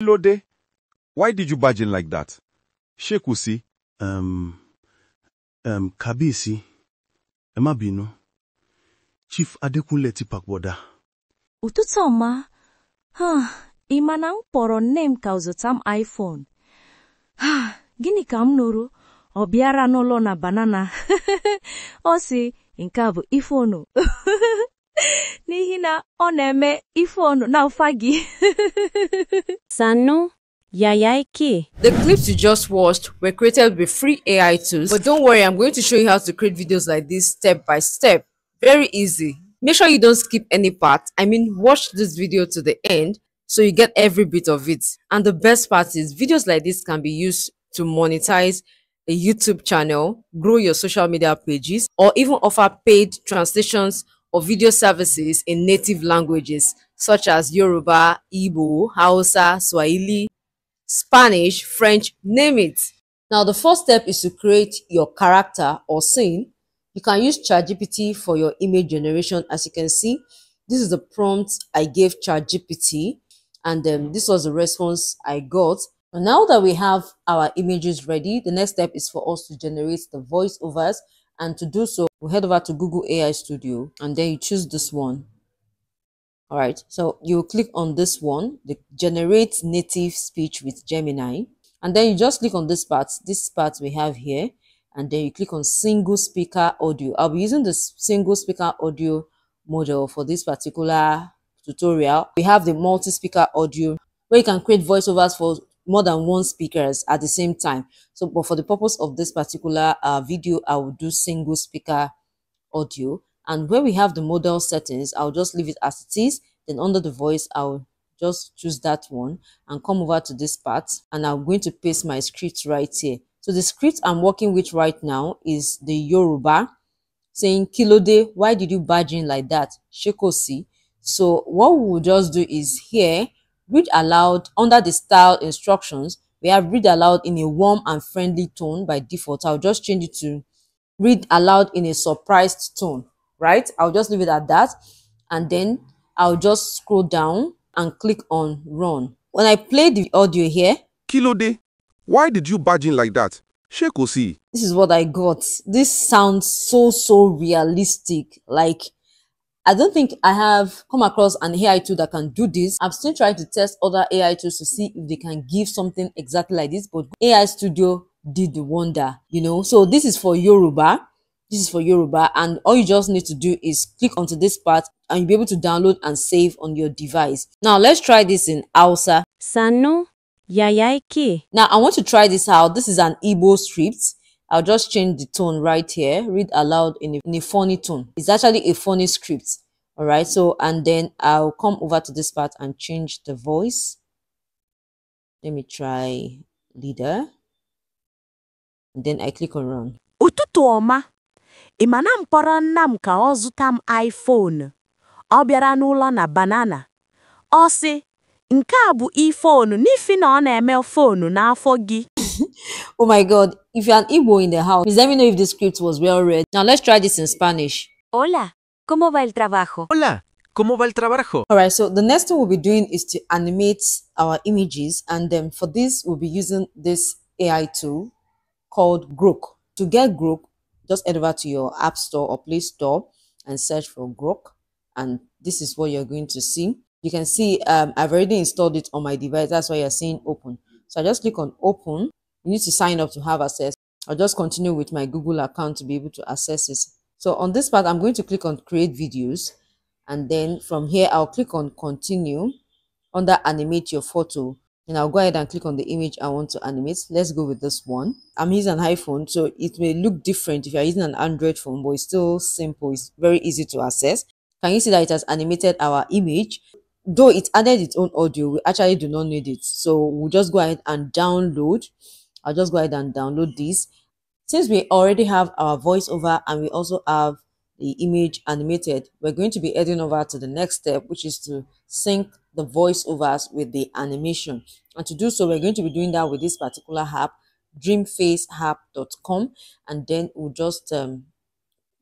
Lode, Why did you barge in like that? Ṣé kò Um, um, Kábíyèsí, ẹ má bínú. Chief Adekunle ti papòdà. Ụtụtụ ọma, ị ma na m kpọrọ nne m ka iPhone. Ha, gini m nụrụ? Ọ bịara n'ụlọ banana. Ọ sị, nke a n'ihi na ọ na-eme ife ọnụ na ụfa gị sanu Yayaiki. The clips you just watched were created with free AI tools, but don't worry, I'm going to show you how to create videos like this step by step. Very easy. Make sure you don't skip any part. I mean, watch this video to the end so you get every bit of it. And the best part is videos like this can be used to monetize a YouTube channel, grow your social media pages, or even offer paid translations or video services in native languages such as Yoruba, Igbo, Hausa, Swahili, Spanish, French, name it. Now the first step is to create your character or scene. You can use ChatGPT for your image generation. As you can see, this is the prompt I gave ChatGPT and um, this was the response I got. Now that we have our images ready, the next step is for us to generate the voiceovers and to do so, we'll head over to Google AI Studio and then you choose this one. All right, so you click on this one, the generate native speech with Gemini. And then you just click on this part, this part we have here. And then you click on single speaker audio. I'll be using the single speaker audio model for this particular tutorial. We have the multi-speaker audio where you can create voiceovers for more than one speakers at the same time. So, but for the purpose of this particular uh, video, I will do single speaker audio. And where we have the model settings, I'll just leave it as it is. Then under the voice, I'll just choose that one and come over to this part. And I'm going to paste my script right here. So the script I'm working with right now is the Yoruba saying, Kilode, why did you barge in like that? Shekosi. So what we'll just do is here, Read aloud under the style instructions, we have read aloud in a warm and friendly tone by default. I'll just change it to read aloud in a surprised tone, right? I'll just leave it at that. And then I'll just scroll down and click on run. When I play the audio here. de, why did you barge in like that? Shekosi, This is what I got. This sounds so, so realistic. Like I don't think I have come across an AI tool that can do this. I'm still trying to test other AI tools to see if they can give something exactly like this, but AI Studio did the wonder, you know. So this is for Yoruba. This is for Yoruba, and all you just need to do is click onto this part and you'll be able to download and save on your device. Now let's try this in Hausa. Sano Yayaike. Now I want to try this out. This is an Igbo script. I'll just change the tone right here, read aloud in a, in a funny tone. It's actually a funny script. All right. So, and then I'll come over to this part and change the voice. Let me try leader. And then I click on run. Ụtụtụ ọma. Ị ma na ka iPhone. Obiara nulana na banana. Osi. sị, nke a bụ iPhone n'ifi na ọ na-eme oh my God, if you're an Igbo in the house, please let me know if the script was well read. Now let's try this in Spanish. Hola, ¿cómo va el trabajo? Hola, ¿cómo va el trabajo? Alright, so the next thing we'll be doing is to animate our images and then for this we'll be using this AI tool called Grok. To get Grok, just head over to your app store or play store and search for Grok and this is what you're going to see. You can see um, I've already installed it on my device. That's why you're seeing open. So I just click on open you need to sign up to have access. I'll just continue with my Google account to be able to access it. So on this part, I'm going to click on create videos. And then from here, I'll click on continue under animate your photo. And I'll go ahead and click on the image I want to animate. Let's go with this one. I'm using an iPhone, so it may look different if you're using an Android phone, but it's still simple. It's very easy to access. Can you see that it has animated our image? Though it added its own audio, we actually do not need it. So we'll just go ahead and download I'll just go ahead and download this. Since we already have our voiceover and we also have the image animated, we're going to be heading over to the next step, which is to sync the voiceovers with the animation. And to do so, we're going to be doing that with this particular app, dreamfaceapp.com. And then we'll just um,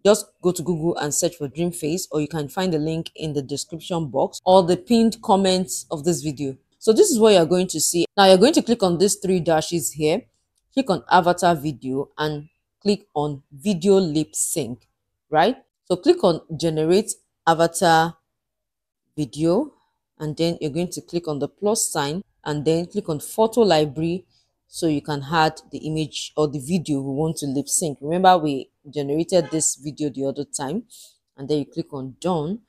just go to Google and search for Dreamface, or you can find the link in the description box or the pinned comments of this video. So this is what you're going to see. Now you're going to click on these three dashes here, click on avatar video and click on video lip sync, right? So click on generate avatar video and then you're going to click on the plus sign and then click on photo library so you can add the image or the video we want to lip sync. Remember we generated this video the other time and then you click on done.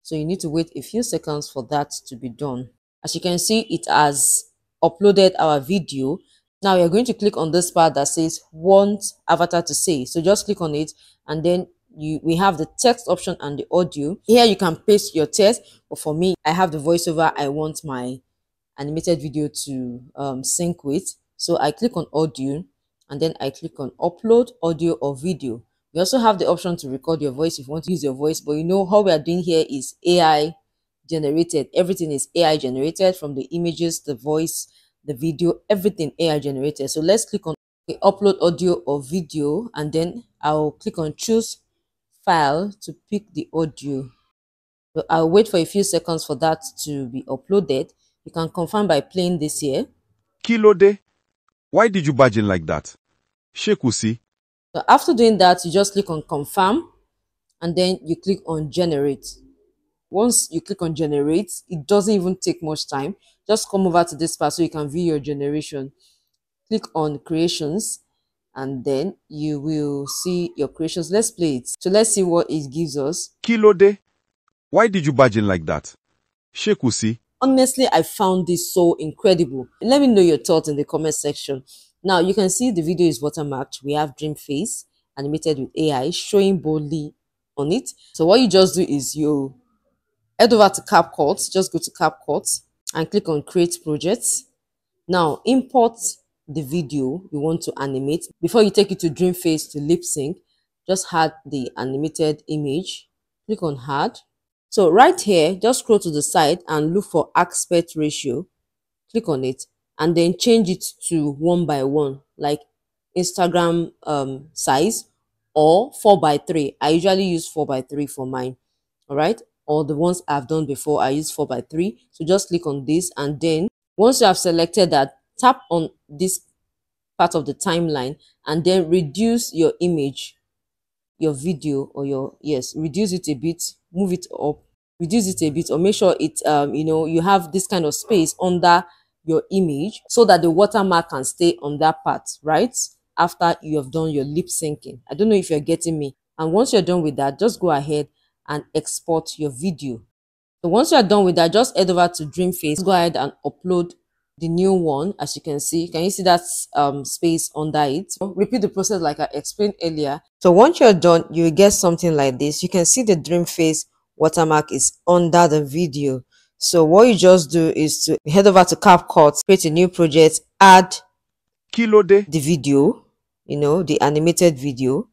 So you need to wait a few seconds for that to be done. As you can see, it has uploaded our video. Now you're going to click on this part that says want avatar to say. So just click on it and then you we have the text option and the audio. Here you can paste your text, but for me, I have the voiceover I want my animated video to um, sync with. So I click on audio and then I click on upload audio or video. You also have the option to record your voice if you want to use your voice, but you know how we are doing here is AI generated. Everything is AI generated from the images, the voice, the video, everything AI generated. So let's click on upload audio or video and then I'll click on choose file to pick the audio. I'll wait for a few seconds for that to be uploaded. You can confirm by playing this here. Kilode, why did you barge in like that? Shekusi. So after doing that, you just click on confirm and then you click on generate. Once you click on generate, it doesn't even take much time. Just come over to this part so you can view your generation. Click on creations and then you will see your creations. Let's play it. So let's see what it gives us. Kilode, why did you barge in like that? Shekusi. Honestly, I found this so incredible. Let me know your thoughts in the comment section. Now you can see the video is watermarked. We have Dream Face animated with AI showing boldly on it. So what you just do is you head over to CapCut, just go to CapCut and click on create project. Now import the video you want to animate. Before you take it to Dreamface to lip sync, just add the animated image. Click on add. So right here, just scroll to the side and look for aspect ratio. Click on it and then change it to one by one, like Instagram um, size or four by three. I usually use four by three for mine. All right or the ones I've done before, I use 4 by 3 So just click on this and then once you have selected that, tap on this part of the timeline and then reduce your image, your video or your, yes, reduce it a bit, move it up, reduce it a bit or make sure it, um, you know, you have this kind of space under your image so that the watermark can stay on that part, right? After you have done your lip syncing. I don't know if you're getting me. And once you're done with that, just go ahead and export your video. So once you are done with that, just head over to Dreamface. Go ahead and upload the new one, as you can see. Can you see that um, space under it? So repeat the process like I explained earlier. So once you're done, you get something like this. You can see the Dreamface watermark is under the video. So what you just do is to head over to CapCut, create a new project, add Kilo the video, you know, the animated video.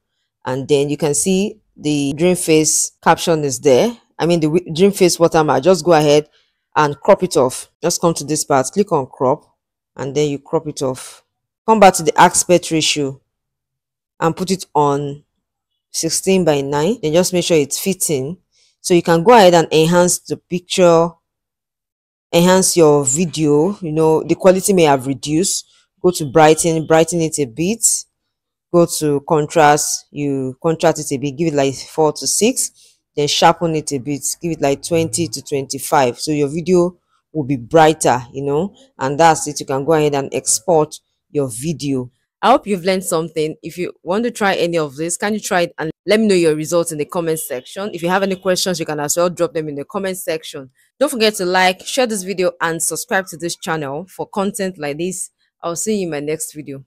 And then you can see the dream face caption is there. I mean, the dream face watermark. Just go ahead and crop it off. Just come to this part, click on crop, and then you crop it off. Come back to the aspect ratio and put it on 16 by 9. Then just make sure it's fitting. So you can go ahead and enhance the picture, enhance your video. You know, the quality may have reduced. Go to brighten, brighten it a bit go to contrast you contrast it a bit give it like four to six then sharpen it a bit give it like 20 to 25 so your video will be brighter you know and that's it you can go ahead and export your video i hope you've learned something if you want to try any of this can you try it and let me know your results in the comment section if you have any questions you can as well drop them in the comment section don't forget to like share this video and subscribe to this channel for content like this i'll see you in my next video